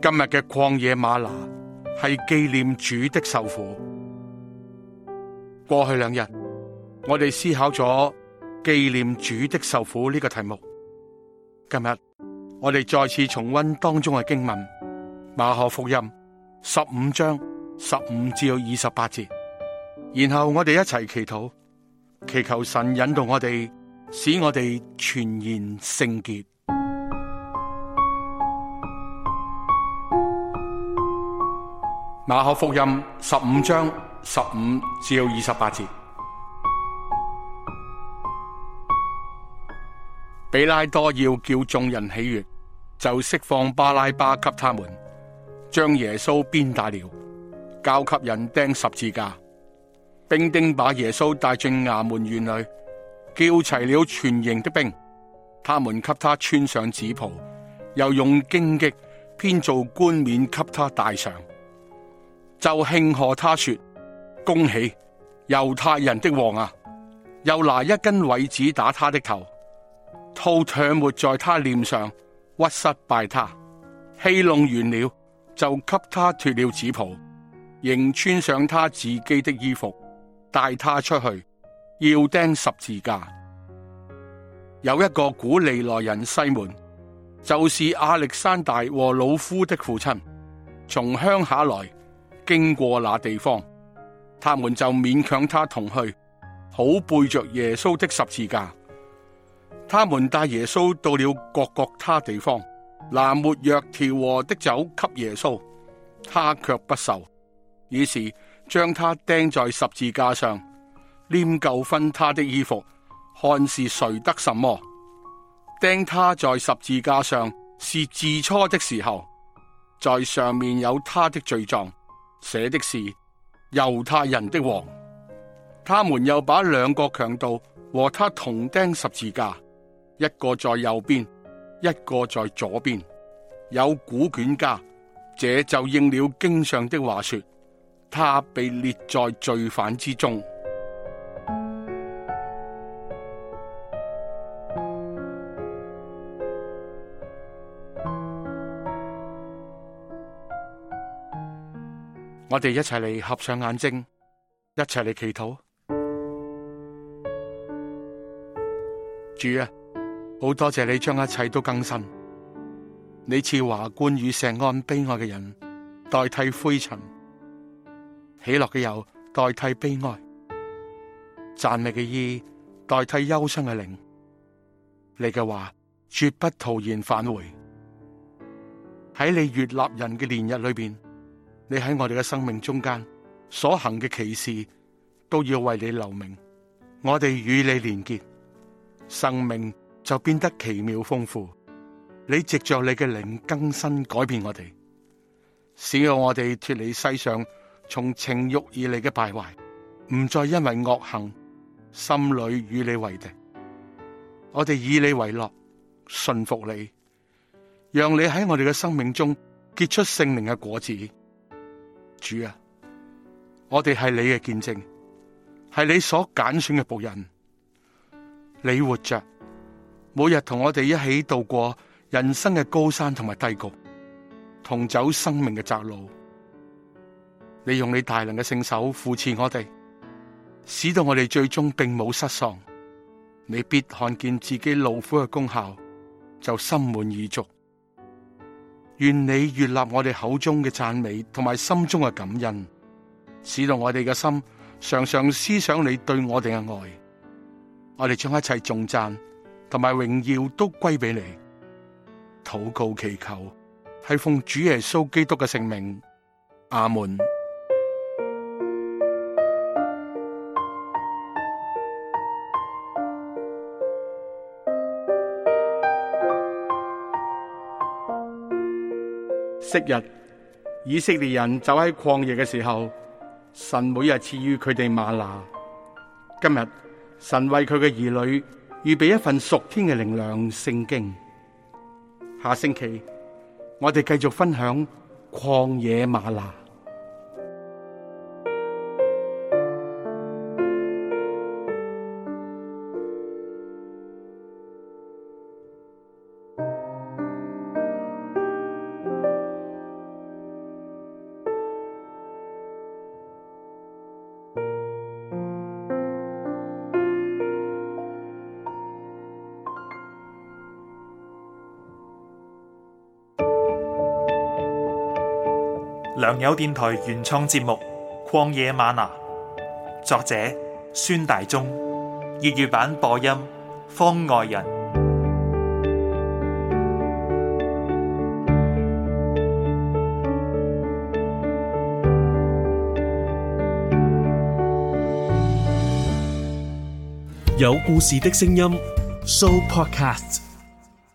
今日嘅曠野嗎哪係紀念主的受苦。過去兩日，我哋思考咗紀念主的受苦呢個題目。今日我哋再次重溫當中嘅經文，馬可福音十五章十五至到二十八節，然後我哋一齊祈禱，祈求神引導我哋，使我哋全然聖潔。馬可福音十五章十五至二十八節，比拉多要叫眾人喜悅，就釋放巴拉巴給他們，將耶穌鞭打了，交給人釘十字架，並釘兵丁把耶穌帶進衙門院裏，叫齊了全營的兵，他們給他穿上紫袍，又用荊棘編造冠冕給他戴上。就慶賀他說：恭喜猶太人的王啊！又拿一根葦子打他的頭，吐唾沫在他臉上，屈膝拜他。戲弄完了，就給他脱了紫袍，仍穿上他自己的衣服，帶他出去，要釘十字架。有一個古利奈人西門，就是亞歷山大和魯孚的父親，從鄉下來。經過那地方，他們就勉強他同去，好背着耶穌的十字架。他們帶耶穌到了各各他地方，拿沒藥調和的酒給耶穌，他卻不受。於是將他釘在十字架上，拈鬮分他的衣服，看是誰得什麼。釘他在十字架上是巳初的時候，在上面有他的罪狀。寫的是猶太人的王，他們又把兩個強盜和他同釘十字架，一個在右邊，一個在左邊。有古卷家，這就應了經上的話說，他被列在罪犯之中。我哋一齊嚟合上眼睛，一齊嚟祈禱。主啊，好多謝你將一切都更新。你賜華冠與錫安悲哀嘅人，代替灰塵；喜樂嘅油代替悲哀，讚美嘅衣代替憂傷嘅靈。你嘅話絕不徒然返回。喺你悅納人嘅年日裏邊。你喺我哋嘅生命中間所行嘅奇事都要為你留名。我哋與你連結，生命就變得奇妙豐富。你藉着你嘅靈更新改變我哋，使我哋脫離世上從情欲以嚟嘅敗壞，唔再因為惡行心裏與你為敵。我哋以你為樂，信服你，讓你喺我哋嘅生命中結出聖靈嘅果子。主啊，我哋係你嘅見證，係你所揀選嘅僕人。你活着，每日同我哋一起度過人生嘅高山同埋低谷，同走生命嘅窄路。你用你大能嘅聖手扶持我哋，使到我哋最終並冇失喪。你必看見自己勞苦嘅功效，就心滿意足。願你悅納我哋口中嘅讚美，同埋心中嘅感恩，使到我哋嘅心常常思想你對我哋嘅愛。我哋將一切頌讚同埋榮耀都歸俾你。禱告祈求，係奉主耶穌基督嘅聖名。阿門。昔日以色列人走喺曠野嘅時候，神每日賜予佢哋嗎哪。今日神為佢嘅兒女預備一份屬天嘅靈糧聖經。下星期我哋繼續分享曠野嗎哪。良友電台原創節目《曠野嗎哪》，作者孫大中，粵語版播音方外人，有故事的聲音，Show Podcast。